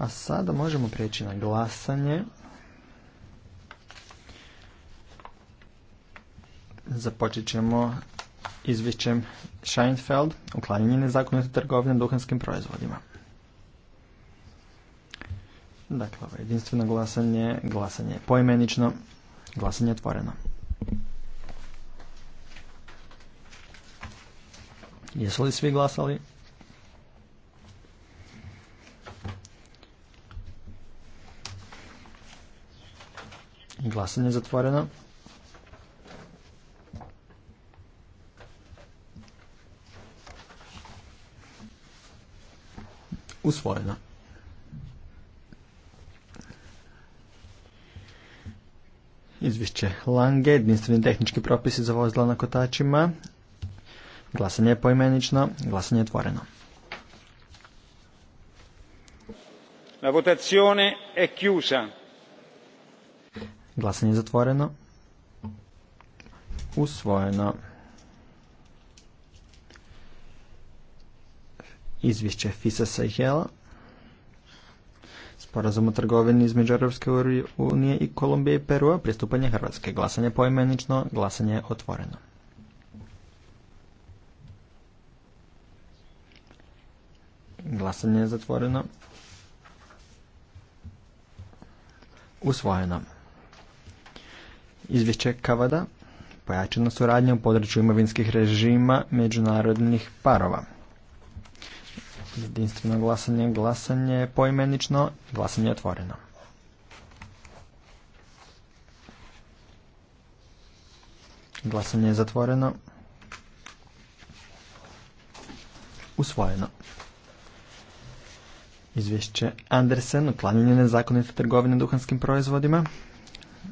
A sada možemo prijeći na glasanje. Započet ćemo izvješćem Scheinfeld, uklanjanje nezakonite trgovine duhanskim proizvodima. Dakle, ovo jedinstveno glasanje, glasanje je poimenično, glasanje je otvoreno. Jesu li svi glasali? Glasanje je zatvoreno. Usvojeno. Izvišće Lange, jedinstveni tehnički propisi za vozila na kotačima. Glasanje je poimenično, glasanje je otvoreno. La votazione è chiusa. Glasanje je zatvoreno. Usvojeno. Izvješće fisa i Sporazum o trgovini između Europske unije i Kolumbije i Perua, pristupanje Hrvatske. Glasanje poimenično, glasanje je otvoreno. Glasanje je zatvoreno. Usvojeno. Izvješće Kavada, pojačana suradnja u području imovinskih režima međunarodnih parova. Jedinstveno glasanje, glasanje je poimenično, glasanje je otvoreno. Glasanje je zatvoreno. Usvojeno. Izvješće Andersen, uklanjanje nezakonite trgovine duhanskim proizvodima.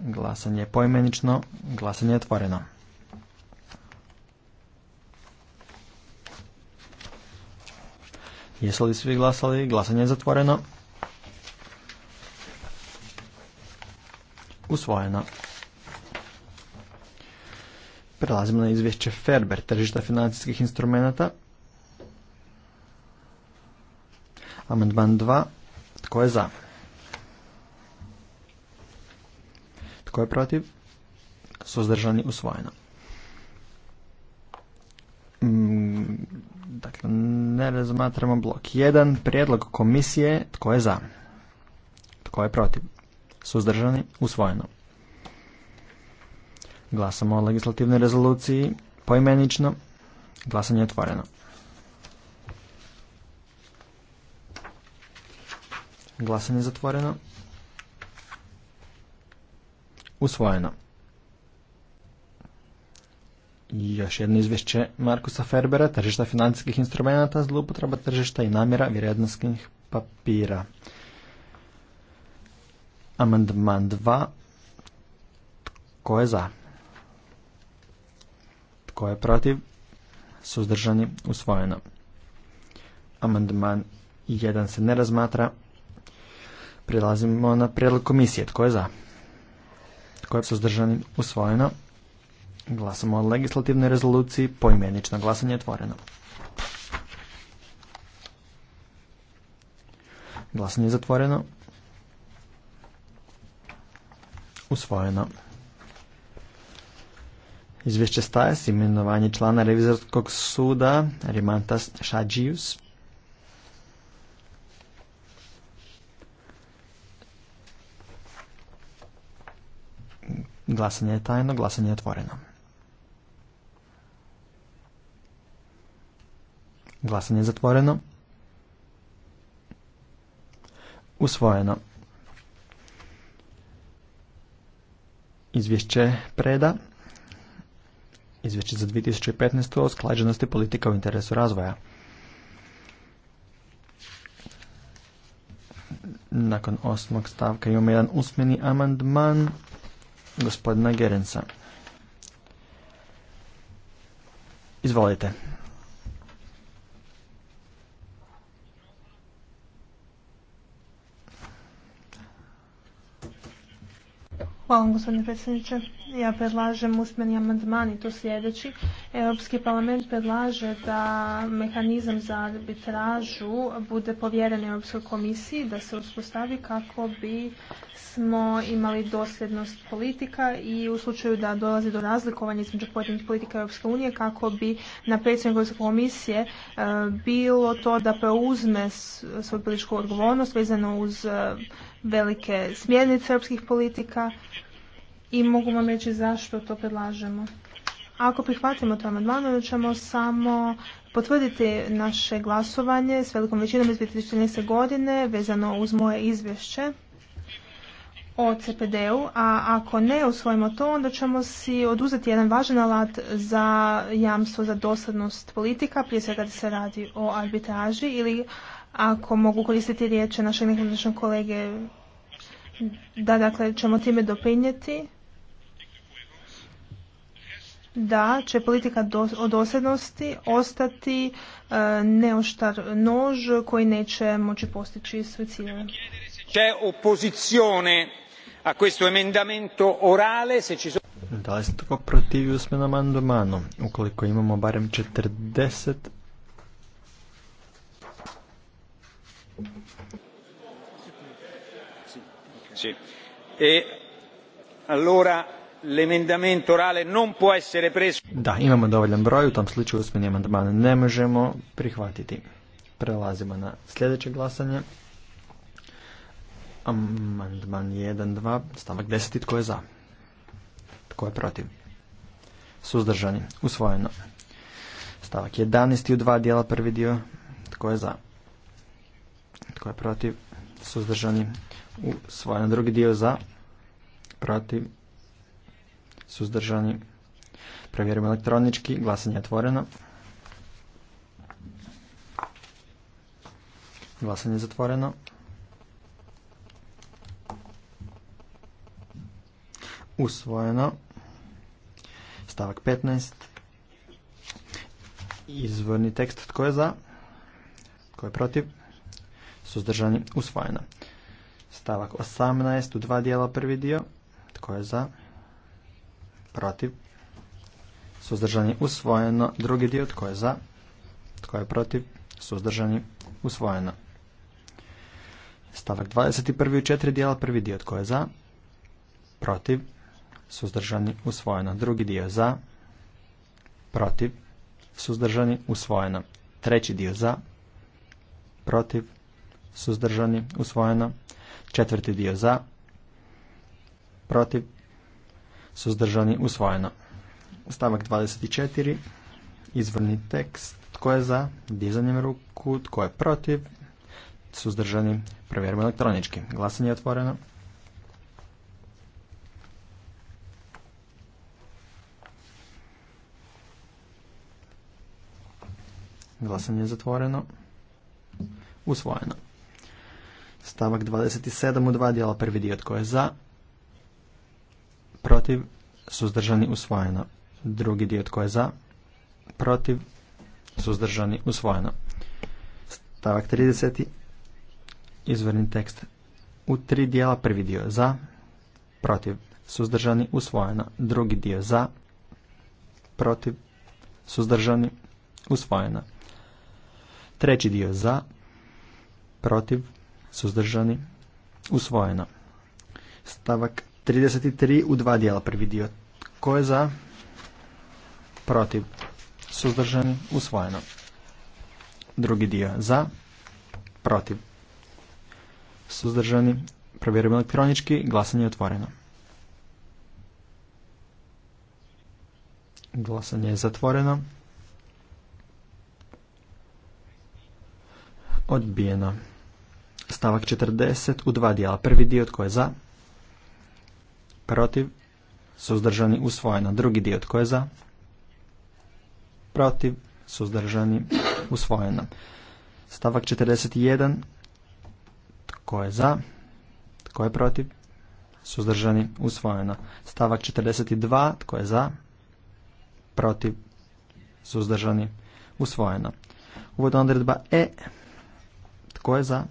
Glasanje je poimenično. Glasanje je otvoreno. Jesu li svi glasali? Glasanje je zatvoreno. Usvojeno. Prelazimo na izvješće Ferber, tržišta financijskih instrumenta. Amandman 2. Tko je za? Tko je protiv? Suzdržani usvojeno. Mm, dakle, ne razmatramo blok 1. Prijedlog komisije. Tko je za? Tko je protiv? Suzdržani usvojeno. Glasamo o legislativnoj rezoluciji poimenično. Glasanje je otvoreno. Glasanje je zatvoreno. Usvojeno. Još jedno izvješće Markusa Ferbera, tržišta financijskih instrumenta, zloupotreba tržišta i namjera vrijednostnih papira. Amandman 2. Tko je za? Tko je protiv? Suzdržani usvojeno. Amandman 1 se ne razmatra. Prelazimo na prijedlog komisije. Tko je za? koja je suzdržani? Usvojeno. Glasamo o legislativnoj rezoluciji. Poimenično glasanje je otvoreno. Glasanje je zatvoreno. Usvojeno. Izvješće staje s imenovanje člana revizorskog suda Rimantas Šadžijus. Glasanje je tajno, glasanje je otvoreno. Glasanje je zatvoreno. Usvojeno. Izvješće preda. Izvješće za 2015. o sklađenosti politika u interesu razvoja. Nakon osmog stavka imamo jedan usmeni amandman gospodina Gerenca. Izvolite. Hvala vam, gospodine predsjedniče. Ja predlažem usmeni amandman i to sljedeći. Europski parlament predlaže da mehanizam za arbitražu bude povjeren Europskoj komisiji da se uspostavi kako bi smo imali dosljednost politika i u slučaju da dolazi do razlikovanja između pojedinih politika Europske unije kako bi na predsjedniku Europske komisije e, bilo to da preuzme svoju političku odgovornost vezano uz e, velike smjernice europskih politika i mogu vam reći zašto to predlažemo. Ako prihvatimo to amandman, onda ćemo samo potvrditi naše glasovanje s velikom većinom iz 2014. godine vezano uz moje izvješće o CPD-u, a ako ne usvojimo to, onda ćemo si oduzeti jedan važan alat za jamstvo za dosadnost politika, prije svega da se radi o arbitraži ili ako mogu koristiti riječe našeg nekadašnjeg kolege da dakle ćemo time doprinijeti da će politika o dosljednosti ostati e, neoštar nož koji neće moći postići sve ciljeve. a questo emendamento orale se ci sono... da li se tko protivi usmenom amandmanu? Ukoliko imamo barem 40... Sì. E allora orale non Da, imamo dovoljan broj, u tom slučaju usmeni amandman ne možemo prihvatiti. Prelazimo na sljedeće glasanje. Amandman 1, 2, stavak 10. Tko je za? Tko je protiv? Suzdržani. Usvojeno. Stavak 11. u dva dijela prvi dio. Tko je za? Tko je protiv? Suzdržani. Usvojeno drugi dio za? Protiv? suzdržani. Provjerimo elektronički, glasanje je otvoreno. Glasanje je zatvoreno. Usvojeno. Stavak 15. Izvorni tekst tko je za? Tko je protiv? Suzdržani usvojeno. Stavak 18 u dva dijela prvi dio. Tko je za? protiv, suzdržani, usvojeno. Drugi dio tko je za, tko je protiv, suzdržani, usvojeno. Stavak 21. u četiri dijela, prvi dio tko je za, protiv, suzdržani, usvojeno. Drugi dio za, protiv, suzdržani, usvojeno. Treći dio za, protiv, suzdržani, usvojeno. Četvrti dio za, protiv, suzdržani, usvojeno. Stavak 24, izvrni tekst, tko je za, dizanjem ruku, tko je protiv, suzdržani, provjerimo elektronički. Glasanje je otvoreno. Glasanje je zatvoreno. Usvojeno. Stavak 27 u dva dijela. Prvi dio tko je za, protiv, suzdržani, usvojeno. Drugi dio tko je za, protiv, suzdržani, usvojeno. Stavak 30. Izvorni tekst u tri dijela. Prvi dio za, protiv, suzdržani, usvojeno. Drugi dio za, protiv, suzdržani, usvojeno. Treći dio za, protiv, suzdržani, usvojeno. Stavak 33 u dva dijela. Prvi dio tko je za? Protiv. Suzdržani. Usvojeno. Drugi dio za? Protiv. Suzdržani. Provjerujem elektronički. Glasanje je otvoreno. Glasanje je zatvoreno. Odbijeno. Stavak 40 u dva dijela. Prvi dio tko je za? protiv, suzdržani, usvojeno. Drugi dio tko je za, protiv, suzdržani, usvojeno. Stavak 41, tko je za, tko je protiv, suzdržani, usvojeno. Stavak 42, tko je za, protiv, suzdržani, usvojeno. Uvodna odredba E, tko je za,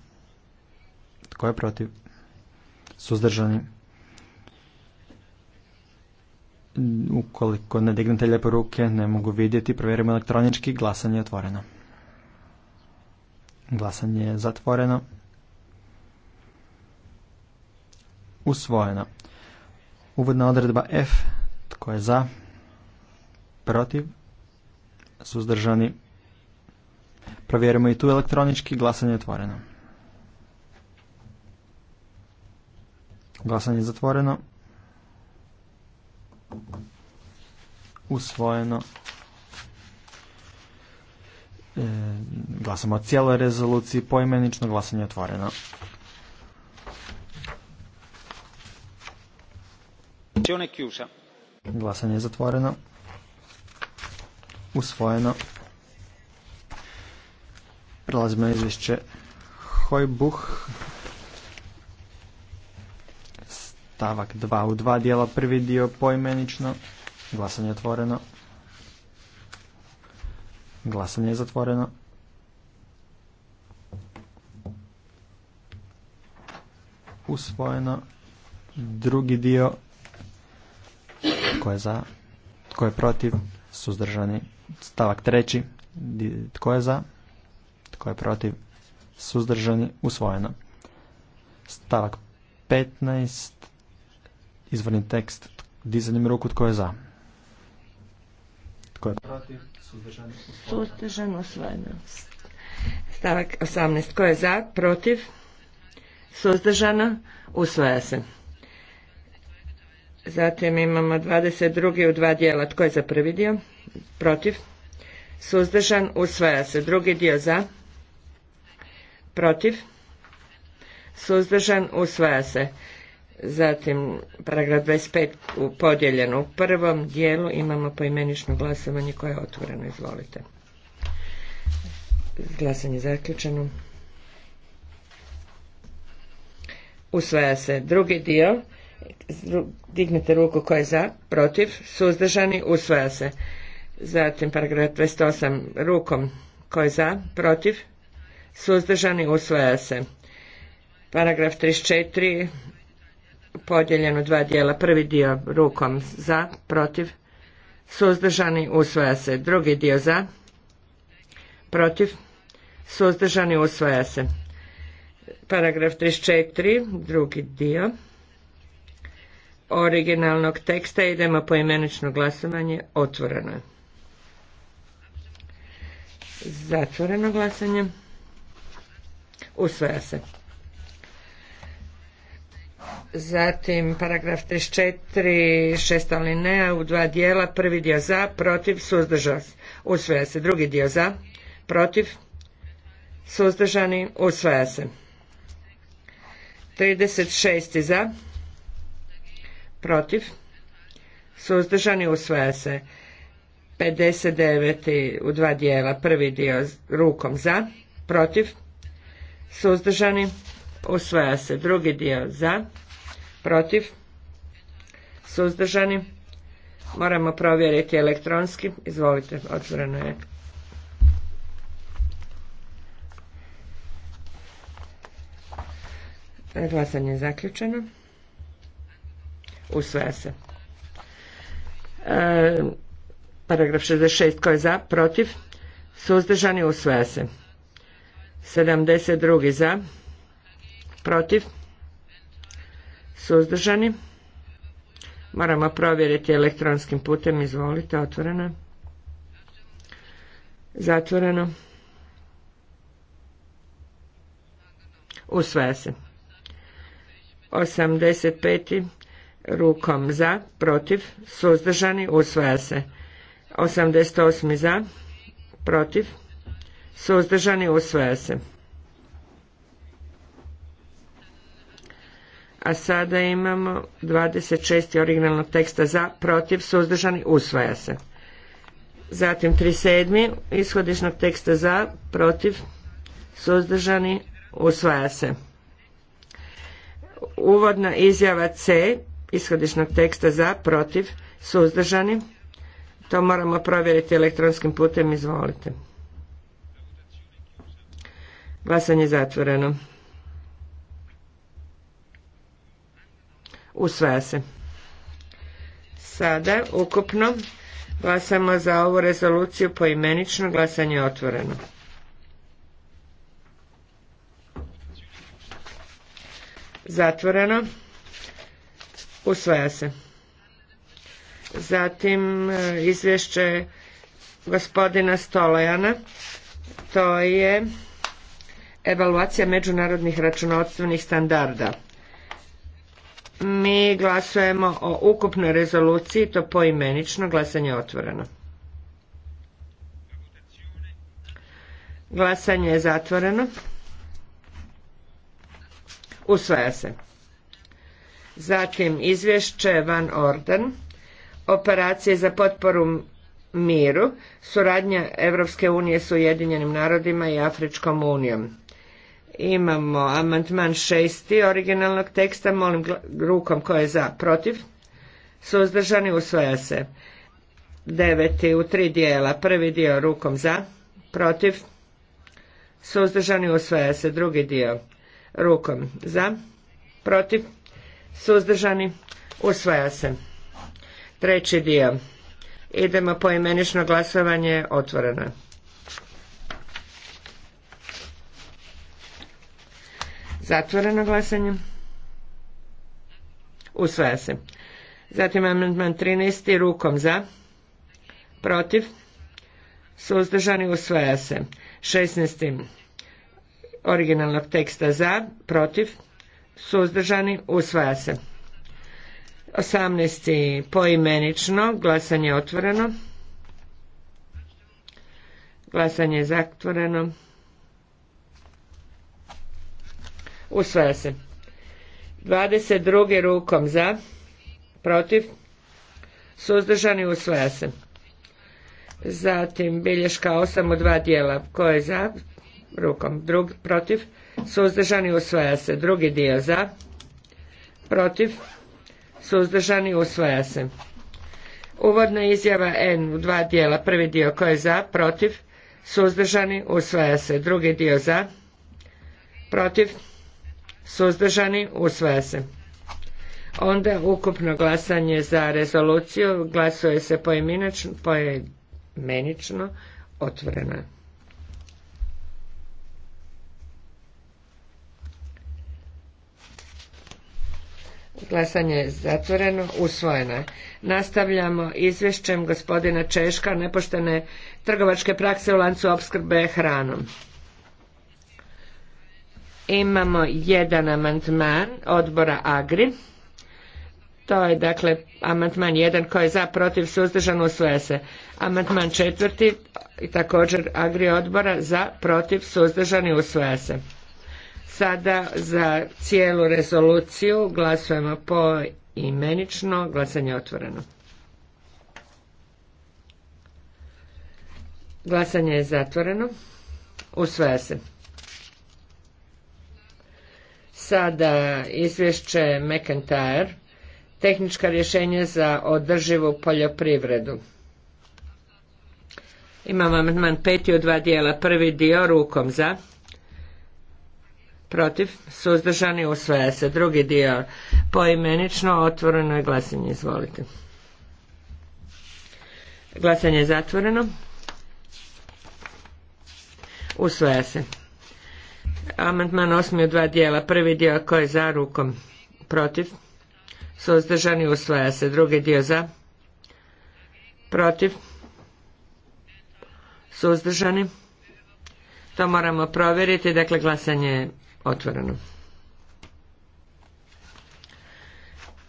tko je protiv, suzdržani, Ukoliko ne dignete lijepo ruke, ne mogu vidjeti, provjerimo elektronički, glasanje je otvoreno. Glasanje je zatvoreno. Usvojeno. Uvodna odredba F, tko je za, protiv, suzdržani. Provjerimo i tu elektronički, glasanje je otvoreno. Glasanje je zatvoreno usvojeno. E, glasamo o cijeloj rezoluciji, poimenično glasanje otvoreno. Glasanje je zatvoreno. Usvojeno. Prelazimo na izvješće Hojbuh stavak 2 u dva dijela, prvi dio poimenično, glasanje je otvoreno, glasanje je zatvoreno. Usvojeno, drugi dio, tko je za, tko je protiv, suzdržani, stavak treći, tko je za, tko je protiv, suzdržani, usvojeno. Stavak 15 Izvorni tekst dizanjem ruku tko je za. Tko je protiv? Suzdržan usvojeno. Stavak 18. Tko je za? Protiv? Suzdržano? Usvaja se. Zatim imamo 22. u dva dijela. Tko je za prvi dio? Protiv? Suzdržan? Usvaja se. Drugi dio za? Protiv? Suzdržan? Usvaja se. Zatim, paragraf 25 u podijeljeno. U prvom dijelu imamo poimenično glasovanje koje je otvoreno. Izvolite. Glasanje zaključeno. Usvaja se drugi dio. Dignite ruku koja je za, protiv, suzdržani, usvaja se. Zatim paragraf 28 rukom koja je za, protiv, suzdržani, usvaja se. Paragraf 34 podijeljen u dva dijela. Prvi dio rukom za, protiv, suzdržani, usvaja se. Drugi dio za, protiv, suzdržani, usvaja se. Paragraf 34, drugi dio originalnog teksta idemo po imenično glasovanje otvoreno je. Zatvoreno glasanje. Usvaja se. Zatim paragraf 34, šesta linea u dva dijela, prvi dio za, protiv, suzdržan, usvaja se. Drugi dio za, protiv, suzdržani, usvaja se. 36 za, protiv, suzdržani, usvaja se. 59 u dva dijela, prvi dio rukom za, protiv, suzdržani, usvaja se. Drugi dio za, protiv, suzdržani, moramo provjeriti elektronski, izvolite, otvoreno je. Glasanje je zaključeno. Usvaja se. E, paragraf 66. Ko je za? Protiv? Suzdržani? Usvaja se. 72. Za? Protiv? Suzdržani? Moramo provjeriti elektronskim putem. Izvolite, otvoreno. Zatvoreno. Usvaja se. 85. Rukom za, protiv, suzdržani, usvaja se. 88. za, protiv, suzdržani, usvaja se. a sada imamo 26. originalnog teksta za, protiv, suzdržani, usvaja se. Zatim 37. ishodišnog teksta za, protiv, suzdržani, usvaja se. Uvodna izjava C ishodišnog teksta za, protiv, suzdržani. To moramo provjeriti elektronskim putem, izvolite. Glasanje zatvoreno. Usvaja se. Sada ukupno glasamo za ovu rezoluciju poimenično. Glasanje otvoreno. Zatvoreno. Usvaja se. Zatim e, izvješće gospodina Stolojana. To je evaluacija međunarodnih računovodstvenih standarda mi glasujemo o ukupnoj rezoluciji, to poimenično, glasanje je otvoreno. Glasanje je zatvoreno. Usvaja se. Zatim izvješće Van Orden, operacije za potporu miru, suradnja Evropske unije s Ujedinjenim narodima i Afričkom unijom. Imamo amantman šesti originalnog teksta, molim rukom ko je za, protiv, suzdržani, usvaja se. Deveti u tri dijela, prvi dio rukom za, protiv, suzdržani, usvaja se. Drugi dio rukom za, protiv, suzdržani, usvaja se. Treći dio. Idemo poimenično glasovanje otvoreno. Zatvoreno glasanje. Usvaja se. Zatim amandman 13. rukom za. Protiv. Suzdržani usvaja se. 16. originalnog teksta za. Protiv. Suzdržani usvaja se. 18. poimenično. Glasanje otvoreno. Glasanje je zatvoreno. Usvaja se. 22. rukom za, protiv, suzdržani, usvaja se. Zatim bilješka 8 u dva dijela. Ko je za? Rukom. protiv, suzdržani, usvaja se. Drugi dio za, protiv, suzdržani, usvaja se. Uvodna izjava N u dva dijela. Prvi dio ko je za, protiv, suzdržani, usvaja se. Drugi dio za, protiv, Suzdržani? Usvaja se. Onda ukupno glasanje za rezoluciju glasuje se poimenično, poimenično otvoreno. Glasanje je zatvoreno, usvojeno. Nastavljamo izvješćem gospodina Češka nepoštene trgovačke prakse u lancu opskrbe hranom. Imamo jedan amandman odbora Agri. To je dakle amandman jedan koji je za protiv suzdržan usvoja se. Amandman četvrti i također Agri odbora za protiv suzdržan i usvoja se. Sada za cijelu rezoluciju glasujemo po imenično, glasanje otvoreno. Glasanje je zatvoreno. Usvaja se. Sada izvješće McIntyre, tehnička rješenja za održivu poljoprivredu. Imamo amandman peti u dva dijela. Prvi dio rukom za, protiv, suzdržani usvaja se. Drugi dio poimenično, otvoreno je glasanje. Izvolite. Glasanje je zatvoreno. Usvaja se. Amandman osmi dva dijela. Prvi dio tko je za rukom protiv. Suzdržani usvaja se. Drugi dio za protiv. Suzdržani. To moramo provjeriti. Dakle, glasanje je otvoreno.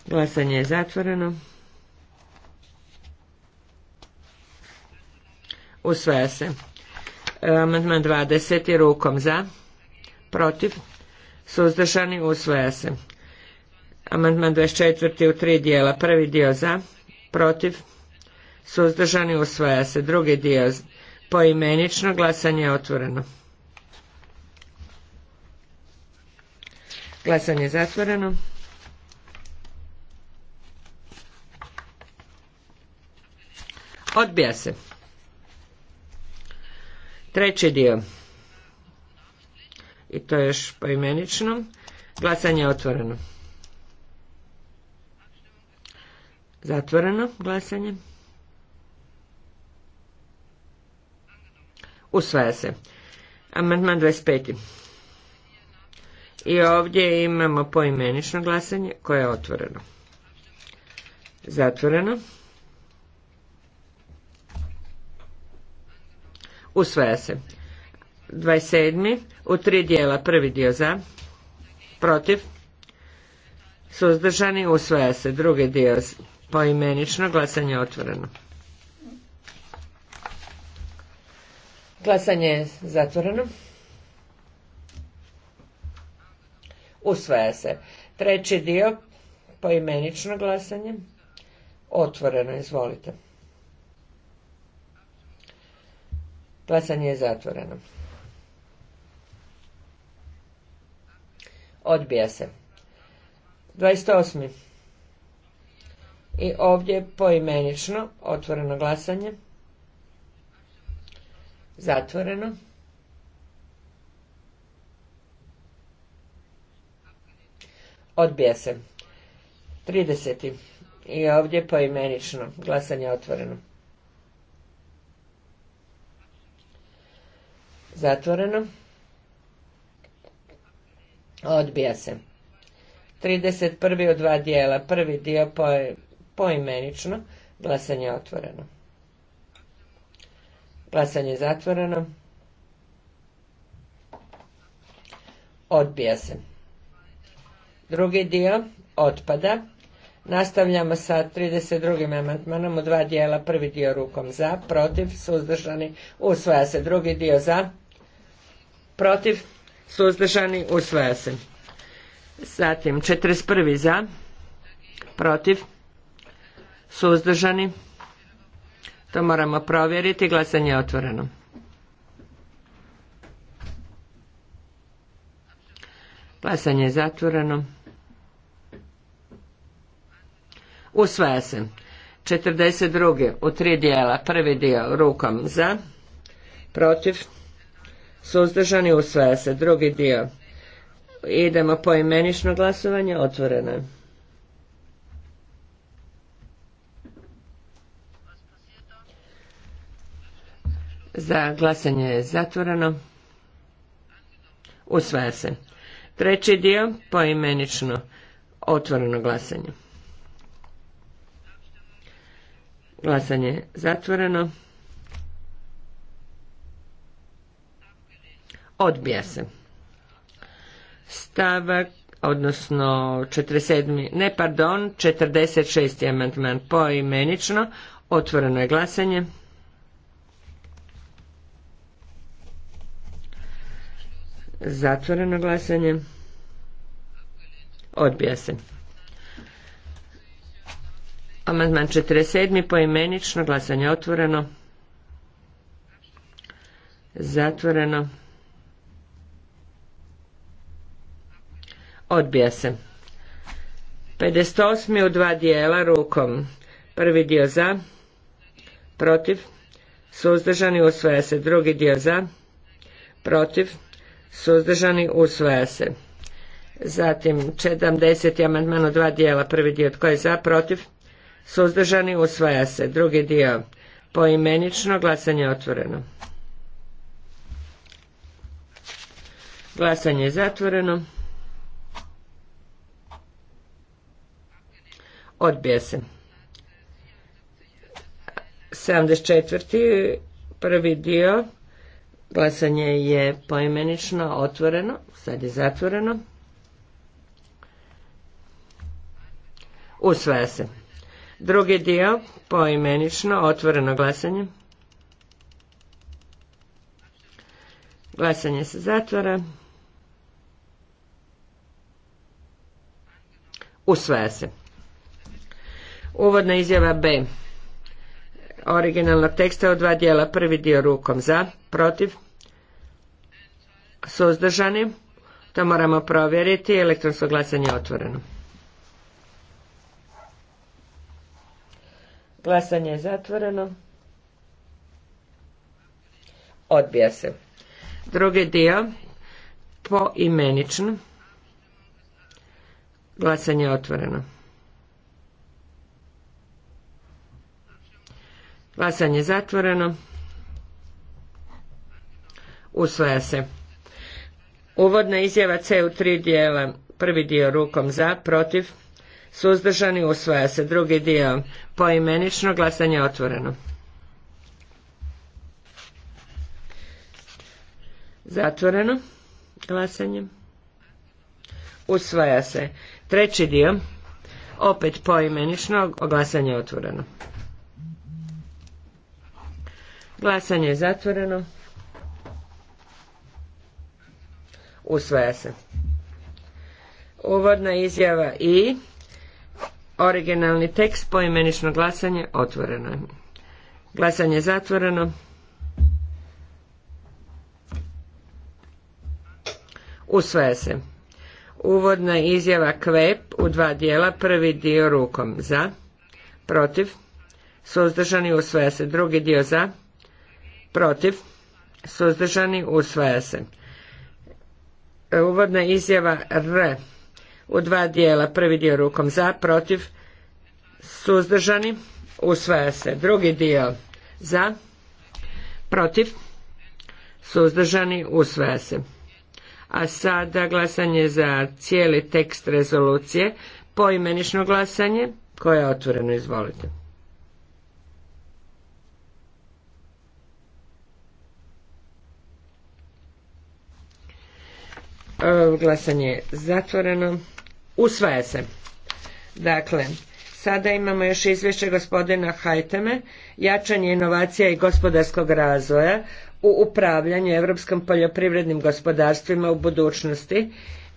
Glasanje je zatvoreno. Usvaja se. Amandman 20. Rukom za protiv, suzdržani, usvaja se. Amandman 24. u tri dijela. Prvi dio za, protiv, suzdržani, usvaja se. Drugi dio poimenično, glasanje je otvoreno. Glasanje je zatvoreno. Odbija se. Treći dio i to je još poimenično. Glasanje je otvoreno. Zatvoreno glasanje. Usvaja se. Amandman 25. I ovdje imamo poimenično glasanje koje je otvoreno. Zatvoreno. Usvaja se. 27. u tri dijela. Prvi dio za, protiv, suzdržani, usvaja se. Drugi dio poimenično, glasanje otvoreno. Glasanje je zatvoreno. Usvaja se. Treći dio, poimenično glasanje, otvoreno, izvolite. Glasanje je zatvoreno. Odbija se. 28. I ovdje poimenično otvoreno glasanje. Zatvoreno. Odbija se. 30. I ovdje poimenično glasanje otvoreno. Zatvoreno. Odbija se. 31. u dva dijela. Prvi dio poimenično. Glasanje je otvoreno. Glasanje je zatvoreno. Odbija se. Drugi dio otpada. Nastavljamo sa 32. amandmanom u dva dijela. Prvi dio rukom za, protiv, suzdržani, usvaja se. Drugi dio za, protiv, suzdržani, usvaja se. Zatim 41. za, protiv, suzdržani, to moramo provjeriti, glasanje je otvoreno. Glasanje je zatvoreno. Usvaja se. 42. u tri dijela. Prvi dio rukom za, protiv, Suzdržani usvaja se. Drugi dio. Idemo po imenično glasovanje. Otvoreno je. Za glasanje je zatvoreno. Usvaja se. Treći dio poimenično otvoreno glasanje. Glasanje je zatvoreno. Odbija se. Stavak, odnosno 47. Ne, pardon, 46. amandman poimenično. Otvoreno je glasanje. Zatvoreno glasanje. Odbija se. Amandman 47. poimenično. Glasanje otvoreno. Zatvoreno. Odbija se. 58. u dva dijela rukom. Prvi dio za, protiv, suzdržani usvaja se. Drugi dio za, protiv, suzdržani usvaja se. Zatim 70. amandman u dva dijela. Prvi dio tko je za, protiv, suzdržani usvaja se. Drugi dio poimenično glasanje otvoreno. Glasanje je zatvoreno. Odbija se. 74. prvi dio. Glasanje je poimenično otvoreno. Sad je zatvoreno. Usvaja se. Drugi dio poimenično otvoreno glasanje. Glasanje se zatvara. Usvaja se. Uvodna izjava B originalnog teksta u dva dijela. Prvi dio rukom za, protiv, suzdržani. To moramo provjeriti. Elektronsko glasanje je otvoreno. Glasanje je zatvoreno. Odbija se. Drugi dio poimenično. Glasanje je otvoreno. Glasanje zatvoreno. Usvaja se. Uvodna izjava C u tri dijela. Prvi dio rukom za, protiv, suzdržani, usvaja se. Drugi dio poimenično, glasanje otvoreno. Zatvoreno glasanje. Usvaja se. Treći dio, opet poimenično, glasanje otvoreno. Glasanje je zatvoreno. Usvaja se. Uvodna izjava i originalni tekst poimenično glasanje otvoreno. Glasanje je zatvoreno. Usvaja se. Uvodna izjava kvep u dva dijela, prvi dio rukom za, protiv, suzdržani usvaja se, drugi dio za, protiv, suzdržani, usvaja se. E, uvodna izjava R u dva dijela, prvi dio rukom za, protiv, suzdržani, usvaja se. Drugi dio za, protiv, suzdržani, usvaja se. A sada glasanje za cijeli tekst rezolucije, poimenično glasanje koje je otvoreno, izvolite. E, glasanje je zatvoreno. Usvaja se. Dakle, sada imamo još izvješće gospodina Hajteme, jačanje inovacija i gospodarskog razvoja u upravljanju europskim poljoprivrednim gospodarstvima u budućnosti.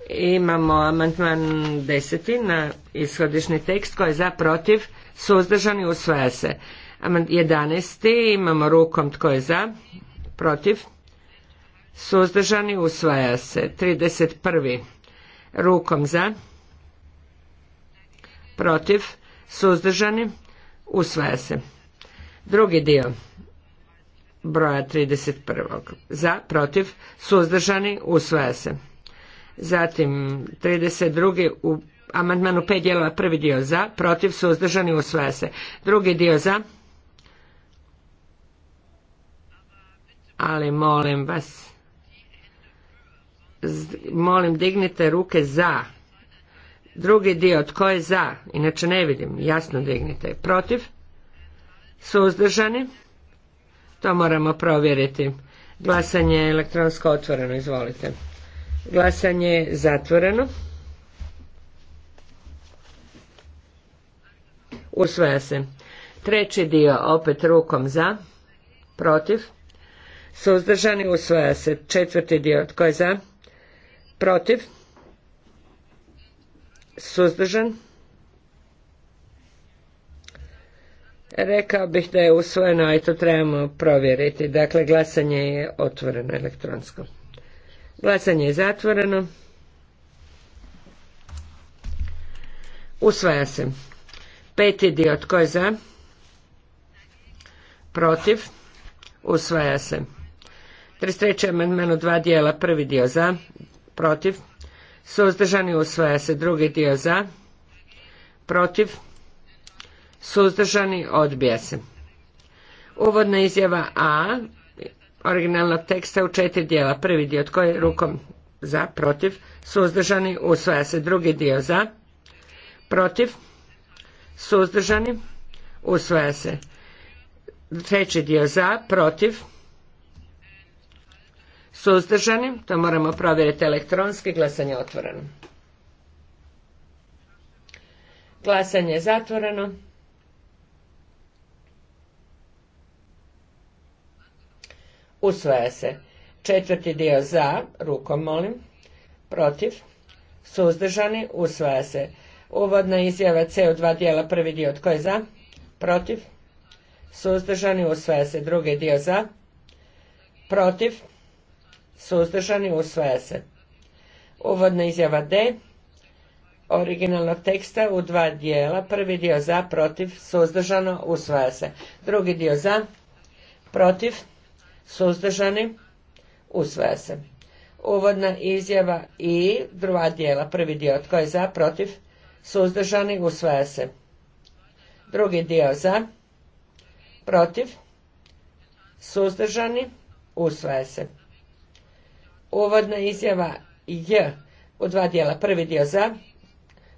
Imamo amandman deseti na ishodišni tekst koji je za protiv, suzdržan i usvaja se. jedanesti imamo rukom tko je za, protiv, Suzdržani usvaja se. 31. Rukom za. Protiv. Suzdržani usvaja se. Drugi dio broja 31. Za, protiv, suzdržani, usvaja se. Zatim 32. u amandmanu 5 dijelova prvi dio za, protiv, suzdržani, usvaja se. Drugi dio za, ali molim vas molim dignite ruke za. Drugi dio, tko je za? Inače ne vidim, jasno dignite. Protiv? Suzdržani? To moramo provjeriti. Glasanje je elektronsko otvoreno, izvolite. Glasanje je zatvoreno. Usvaja se. Treći dio, opet rukom za. Protiv? Suzdržani usvaja se. Četvrti dio, tko je za? protiv suzdržan rekao bih da je usvojeno a i to trebamo provjeriti dakle glasanje je otvoreno elektronsko glasanje je zatvoreno usvaja se peti dio tko je za protiv usvaja se 33. amandman dva dijela prvi dio za protiv, suzdržani usvaja se drugi dio za, protiv, suzdržani odbija se. Uvodna izjava A, originalnog teksta u četiri dijela. Prvi dio tko je rukom za, protiv, suzdržani usvaja se drugi dio za, protiv, suzdržani usvaja se. Treći dio za, protiv, Suzdržani? To moramo provjeriti elektronski. Glasanje je otvoreno. Glasanje je zatvoreno. Usvaja se. Četvrti dio za, rukom molim, protiv, suzdržani, usvaja se. Uvodna izjava C u dva dijela, prvi dio tko je za, protiv, suzdržani, usvaja se. Drugi dio za, protiv, Suzdržani usvaja se. Uvodna izjava D originalnog teksta u dva dijela. Prvi dio za, protiv, suzdržano, usvaja se. Drugi dio za, protiv, suzdržani, usvaja se. Uvodna izjava i druga dijela. Prvi dio tko je za, protiv, suzdržani, usvaja se. Drugi dio za, protiv, suzdržani, usvaja se. Uvodna izjava J u dva dijela. Prvi dio za,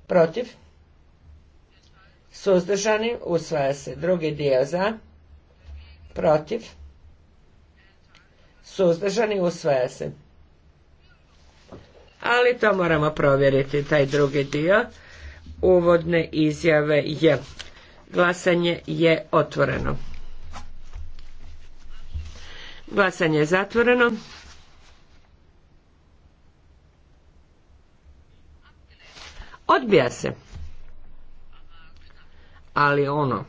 protiv, suzdržani, usvaja se. Drugi dio za, protiv, suzdržani, usvaja se. Ali to moramo provjeriti, taj drugi dio. Uvodne izjave J. Glasanje je otvoreno. Glasanje je zatvoreno. odbija se. Ali ono,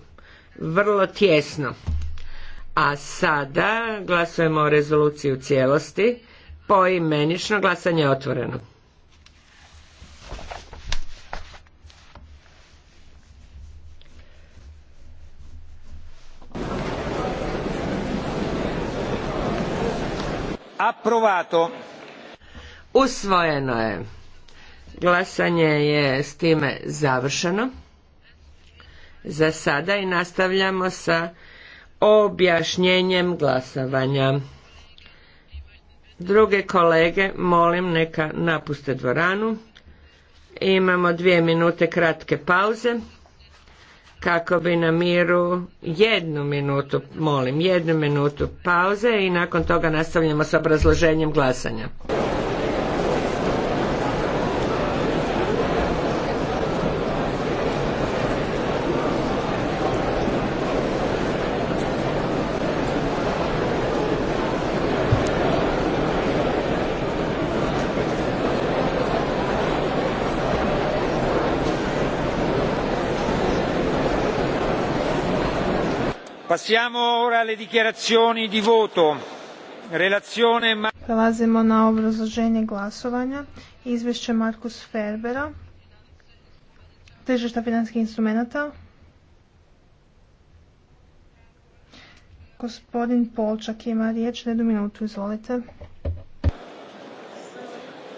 vrlo tjesno. A sada glasujemo o rezoluciji u cijelosti. Poimenično glasanje je otvoreno. Approvato. Usvojeno je. Glasanje je s time završeno za sada i nastavljamo sa objašnjenjem glasovanja. Druge kolege molim neka napuste dvoranu. Imamo dvije minute kratke pauze kako bi na miru jednu minutu, molim, jednu minutu pauze i nakon toga nastavljamo s obrazloženjem glasanja. Passiamo ora alle dichiarazioni di voto. Prelazimo na obrazloženje glasovanja. Izvješće Markus Ferbera. Tržišta financijskih instrumenta. Gospodin Polčak ima riječ, jednu minutu, izvolite.